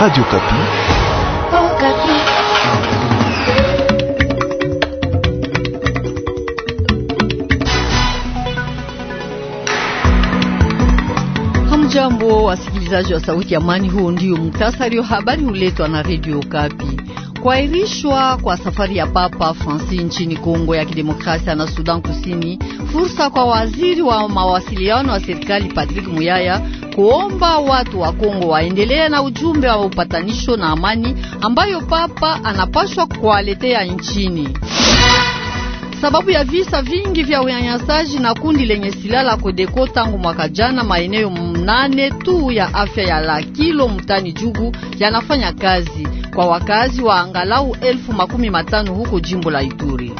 Radio Kapi. Oh, Kapi. Hamjambo wasikilizaji wa sauti ya amani, huo ndio muktasari wa habari huletwa na Radio Kapi kuahirishwa kwa safari ya Papa Francis nchini Kongo ya Kidemokrasia na Sudan Kusini, fursa kwa waziri wa mawasiliano wa serikali Patrick Muyaya kuomba watu wa Kongo waendelee na ujumbe wa upatanisho na amani ambayo Papa anapashwa kuwaletea nchini. Sababu ya visa vingi vya unyanyasaji na kundi lenye silaha la Kodeko tangu mwaka jana, maeneo mnane tu ya afya ya Lakilo mtani Jugu yanafanya kazi kwa wakazi wa angalau elfu makumi matano huko jimbo la Ituri.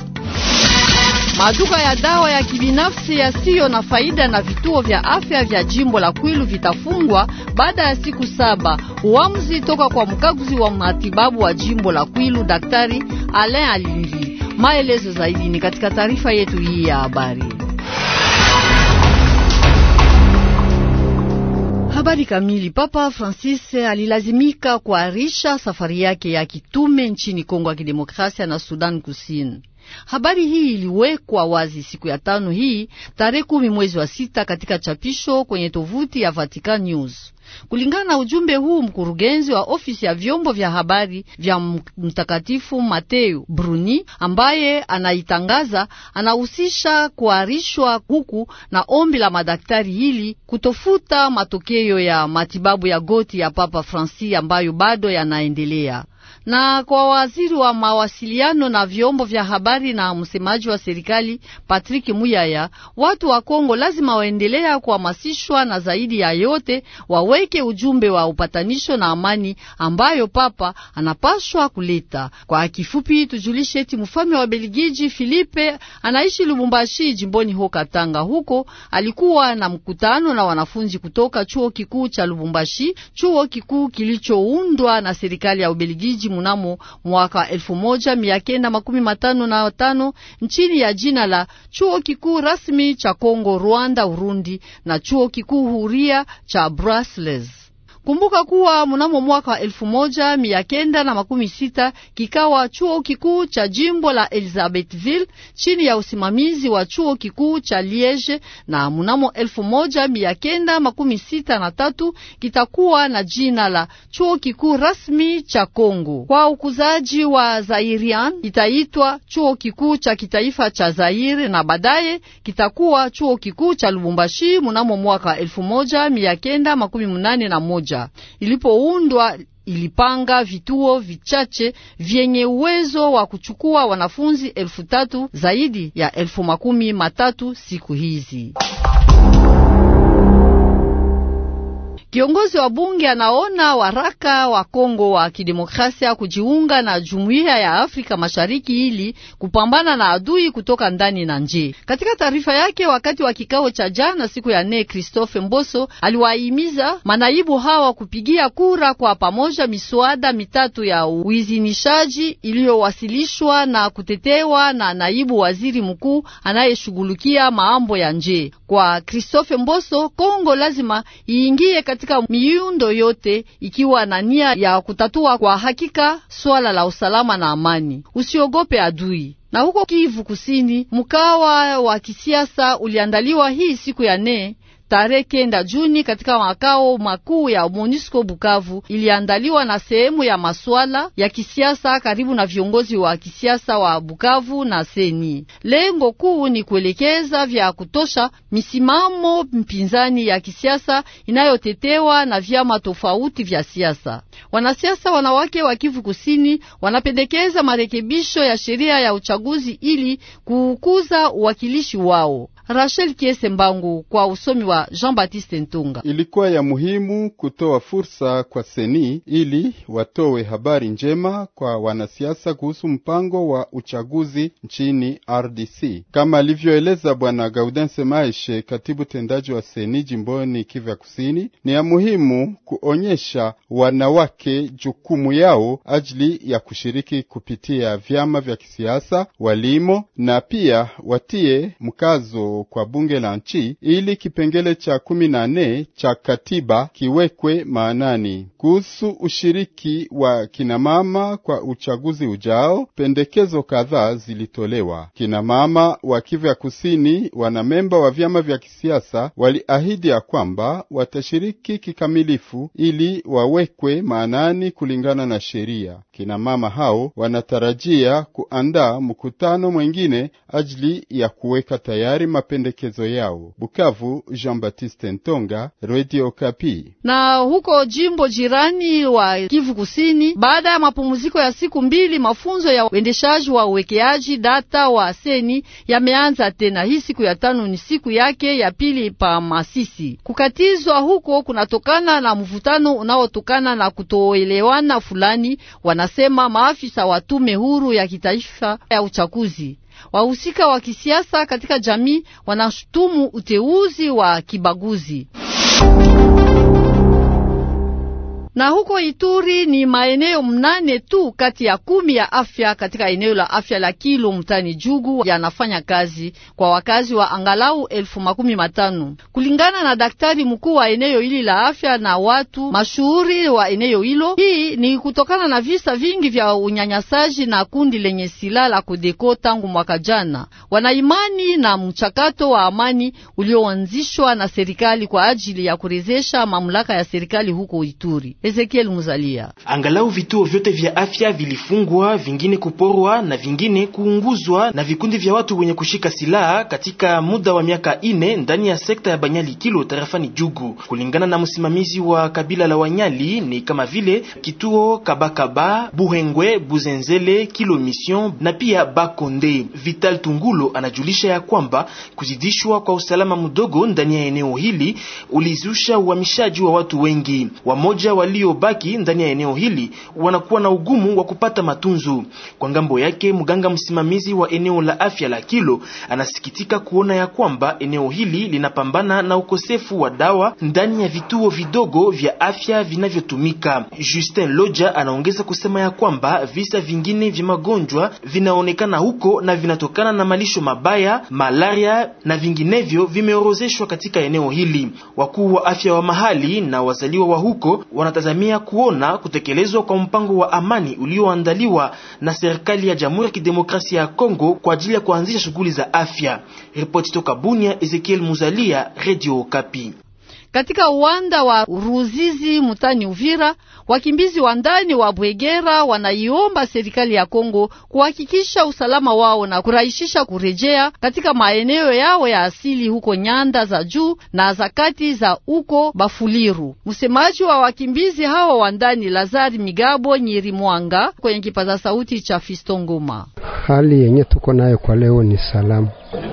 Maduka ya dawa ya kibinafsi yasiyo na faida na vituo vya afya vya jimbo la Kwilu vitafungwa baada ya siku saba. Uamuzi toka kwa mkaguzi wa matibabu wa jimbo la Kwilu, Daktari Alain alingi Maelezo zaidi ni katika taarifa yetu hii ya habari. Habari kamili. Papa Francis alilazimika kuarisha safari yake ya kitume nchini Kongo ya Kidemokrasia na Sudan Kusini. Habari hii iliwekwa wazi siku ya tano hii tarehe kumi mwezi wa sita katika chapisho kwenye tovuti ya Vatican News. Kulingana na ujumbe huu, mkurugenzi wa ofisi ya vyombo vya habari vya Mtakatifu Mateo Bruni, ambaye anaitangaza, anahusisha kuarishwa huku na ombi la madaktari hili kutofuta matokeo ya matibabu ya goti ya Papa Francis ambayo bado yanaendelea na kwa waziri wa mawasiliano na vyombo vya habari na msemaji wa serikali Patrick Muyaya, watu wa Kongo lazima waendelea kuhamasishwa na zaidi ya yote waweke ujumbe wa upatanisho na amani ambayo papa anapashwa kuleta. Kwa kifupi, tujulishe eti mfalme wa Belgiji Philippe anaishi Lubumbashi jimboni ho Katanga. Huko alikuwa na mkutano na wanafunzi kutoka chuo kikuu cha Lubumbashi, chuo kikuu kilichoundwa na serikali ya Ubelgiji mnamo mwaka elfu moja mia kenda makumi matano na tano nchini ya jina la chuo kikuu rasmi cha Kongo, Rwanda, Urundi na chuo kikuu huria cha Brussels. Kumbuka kuwa mnamo mwaka wa elfu moja mia kenda na makumi sita kikawa chuo kikuu cha jimbo la Elizabethville chini ya usimamizi wa chuo kikuu cha Liege, na mnamo elfu moja mia kenda makumi sita na tatu kitakuwa na jina la chuo kikuu rasmi cha Kongo. Kwa ukuzaji wa Zairian kitaitwa chuo kikuu cha kitaifa cha Zaire na baadaye kitakuwa chuo kikuu cha Lubumbashi mnamo mwaka elfu moja mia kenda makumi munane na moja moja. Ilipoundwa ilipanga vituo vichache vyenye uwezo wa kuchukua wanafunzi elfu tatu zaidi ya elfu makumi matatu siku hizi. Kiongozi wa bunge anaona waraka wa Kongo wa kidemokrasia kujiunga na jumuiya ya Afrika Mashariki ili kupambana na adui kutoka ndani na nje. Katika taarifa yake wakati wa kikao cha jana siku ya nne, Christophe Mboso aliwahimiza manaibu hawa kupigia kura kwa pamoja miswada mitatu ya uizinishaji iliyowasilishwa na kutetewa na naibu waziri mkuu anayeshughulikia mambo ya nje. Kwa Christophe Mboso, Kongo lazima iingie katika miundo yote, ikiwa na nia ya kutatua kwa hakika swala la usalama na amani. Usiogope adui na huko Kivu Kusini, mkawa wa kisiasa uliandaliwa hii siku ya nne tarehe kenda Juni katika makao makuu ya MONUSCO Bukavu. Iliandaliwa na sehemu ya masuala ya kisiasa karibu na viongozi wa kisiasa wa Bukavu na Seni. Lengo kuu ni kuelekeza vya kutosha misimamo mpinzani ya kisiasa inayotetewa na vyama tofauti vya siasa. Wanasiasa wanawake wa Kivu Kusini wanapendekeza marekebisho ya sheria ya uchaguzi ili kuukuza uwakilishi wao. Rachel Kiese Mbangu kwa usomi wa Jean-Baptiste Ntunga. Ilikuwa ya muhimu kutoa fursa kwa seni ili watowe habari njema kwa wanasiasa kuhusu mpango wa uchaguzi nchini RDC, kama alivyoeleza bwana Gaudense Maishe, katibu tendaji wa seni jimboni Kivu ya Kusini. Ni ya muhimu kuonyesha wanawake jukumu yao ajili ya kushiriki kupitia vyama vya kisiasa, walimo na pia watie mkazo kwa bunge la nchi ili kipengele cha kumi na nne cha katiba kiwekwe maanani kuhusu ushiriki wa kinamama kwa uchaguzi ujao. Pendekezo kadhaa zilitolewa. Kinamama wa Kivu ya Kusini, wanamemba wa vyama vya kisiasa, waliahidi ya kwamba watashiriki kikamilifu ili wawekwe maanani kulingana na sheria. Kinamama hao wanatarajia kuandaa mkutano mwingine ajili ya kuweka tayari map mapendekezo yao. Bukavu, Jean Baptiste Ntonga, Radio Kapi. Na huko jimbo jirani wa Kivu Kusini, baada ya mapumziko ya siku mbili, mafunzo ya uendeshaji wa uwekeaji data wa seni yameanza tena. Hii siku ya tano ni siku yake ya pili pa Masisi. Kukatizwa huko kunatokana na mvutano unaotokana na kutoelewana fulani, wanasema maafisa wa tume huru ya kitaifa ya uchaguzi. Wahusika wa kisiasa katika jamii wanashutumu uteuzi wa kibaguzi. Na huko Ituri ni maeneo mnane tu kati ya kumi ya afya katika eneo la afya la Kilo mtani Jugu yanafanya kazi kwa wakazi wa angalau elfu makumi matano kulingana na daktari mkuu wa eneo hili la afya na watu mashuhuri wa eneo hilo. Hii ni kutokana na visa vingi vya unyanyasaji na kundi lenye silaha la Kodeko tangu mwaka jana. Wanaimani na mchakato wa amani ulioanzishwa na serikali kwa ajili ya kurejesha mamlaka ya serikali huko Ituri. Ezekiel Muzalia. Angalau vituo vyote vya afya vilifungwa, vingine kuporwa na vingine kuunguzwa na vikundi vya watu wenye kushika silaha katika muda wa miaka ine ndani ya sekta ya Banyali Kilo tarafani Jugu. Kulingana na msimamizi wa kabila la Wanyali ni kama vile kituo Kabakaba, Buhengwe, Buzenzele, Kilo Mission na pia Bakonde. Vital Tungulo anajulisha ya kwamba kuzidishwa kwa usalama mdogo ndani ya eneo hili ulizusha uhamishaji wa watu wengi. Wamoja wa waliobaki ndani ya eneo hili wanakuwa na ugumu wa kupata matunzo. Kwa ngambo yake, mganga msimamizi wa eneo la afya la Kilo anasikitika kuona ya kwamba eneo hili linapambana na ukosefu wa dawa ndani ya vituo vidogo vya afya vinavyotumika. Justin Loja anaongeza kusema ya kwamba visa vingine vya magonjwa vinaonekana huko na vinatokana na malisho mabaya, malaria na vinginevyo vimeorozeshwa katika eneo hili. Wakuu wa afya wa mahali na wazaliwa wa huko wanata wanatazamia kuona kutekelezwa kwa mpango wa amani ulioandaliwa na serikali ya Jamhuri ya Kidemokrasia ya Kongo kwa ajili ya kuanzisha shughuli za afya. Ripoti toka Bunia, Ezekiel Muzalia, Radio Kapi katika uwanda wa Ruzizi mutani Uvira. Wakimbizi wa ndani wa Bwegera wanaiomba serikali ya Kongo kuhakikisha usalama wao na kurahisisha kurejea katika maeneo yao ya asili huko nyanda za juu na za kati za uko Bafuliru. Msemaji wa wakimbizi hawa wa ndani Lazari Migabo Nyiri Mwanga kwenye kipaza sauti cha Fistongoma. hali yenye tuko nayo kwa leo ni salama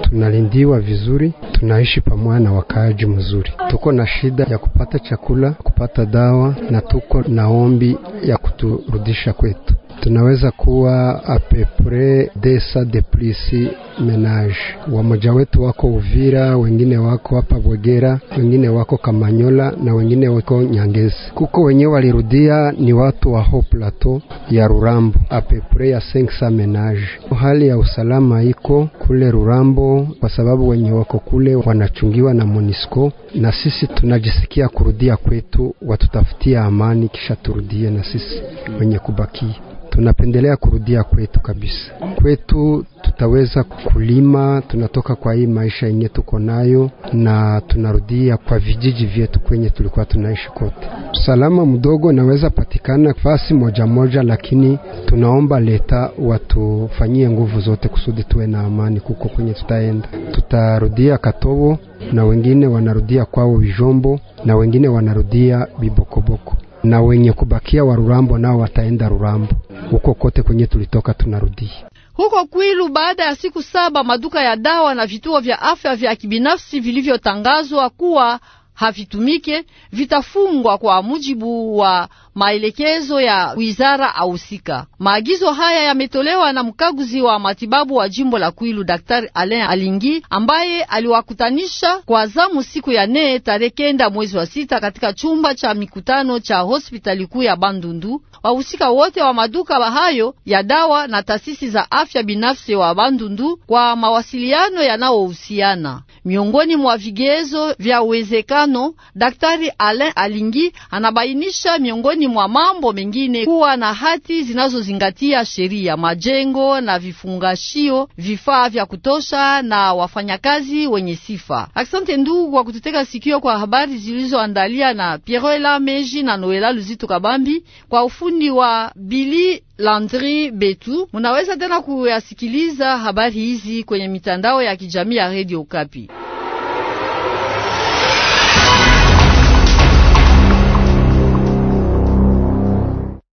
tunalindiwa vizuri, tunaishi pamoja na wakaaji mzuri. Tuko na shida ya kupata chakula, kupata dawa, na tuko na ombi ya kuturudisha kwetu tunaweza kuwa apepre desa de plus menage. Wamoja wetu wako Uvira, wengine wako hapa Bwegera, wengine wako Kamanyola na wengine wako Nyangezi. Kuko wenye walirudia ni watu wa ho plateau ya Rurambo, apepre ya 500 menage. Hali ya usalama iko kule Rurambo kwa sababu wenye wako kule wanachungiwa na Monisco, na sisi tunajisikia kurudia kwetu watutafutia amani, kisha turudie na sisi wenye kubakia tunapendelea kurudia kwetu kabisa. Kwetu tutaweza kulima, tunatoka kwa hii maisha yenye tuko nayo na tunarudia kwa vijiji vyetu kwenye tulikuwa tunaishi kote. Usalama mdogo naweza patikana fasi moja moja, lakini tunaomba leta watufanyie nguvu zote kusudi tuwe na amani kuko kwenye tutaenda. Tutarudia Katobo na wengine wanarudia kwao Bijombo na wengine wanarudia Bibokoboko na wenye kubakia wa Rurambo nao wataenda Rurambo. Huko kote kwenye tulitoka tunarudia huko Kwilu. Baada ya siku saba, maduka ya dawa na vituo vya afya vya kibinafsi vilivyotangazwa kuwa havitumike vitafungwa kwa mujibu wa maelekezo ya wizara ahusika. Maagizo haya yametolewa na mkaguzi wa matibabu wa jimbo la Kwilu Daktari Alain Alingi ambaye aliwakutanisha kwa zamu siku ya nne tarehe kenda mwezi wa sita katika chumba cha mikutano cha hospitali kuu ya Bandundu. Wahusika wote wa maduka hayo ya dawa na taasisi za afya binafsi wa Bandundu kwa mawasiliano yanayohusiana Miongoni mwa vigezo vya uwezekano, Daktari Alain Alingi anabainisha miongoni mwa mambo mengine kuwa na hati zinazozingatia sheria, majengo na vifungashio, vifaa vya kutosha na wafanyakazi wenye sifa. Asante ndugu kwa kututeka sikio kwa habari zilizoandalia na Pieroela Meji na Noela Luzito Kabambi kwa ufundi wa Billy Landry Betu. Munaweza tena kuyasikiliza habari hizi kwenye mitandao ya kijamii ya Radio Kapi.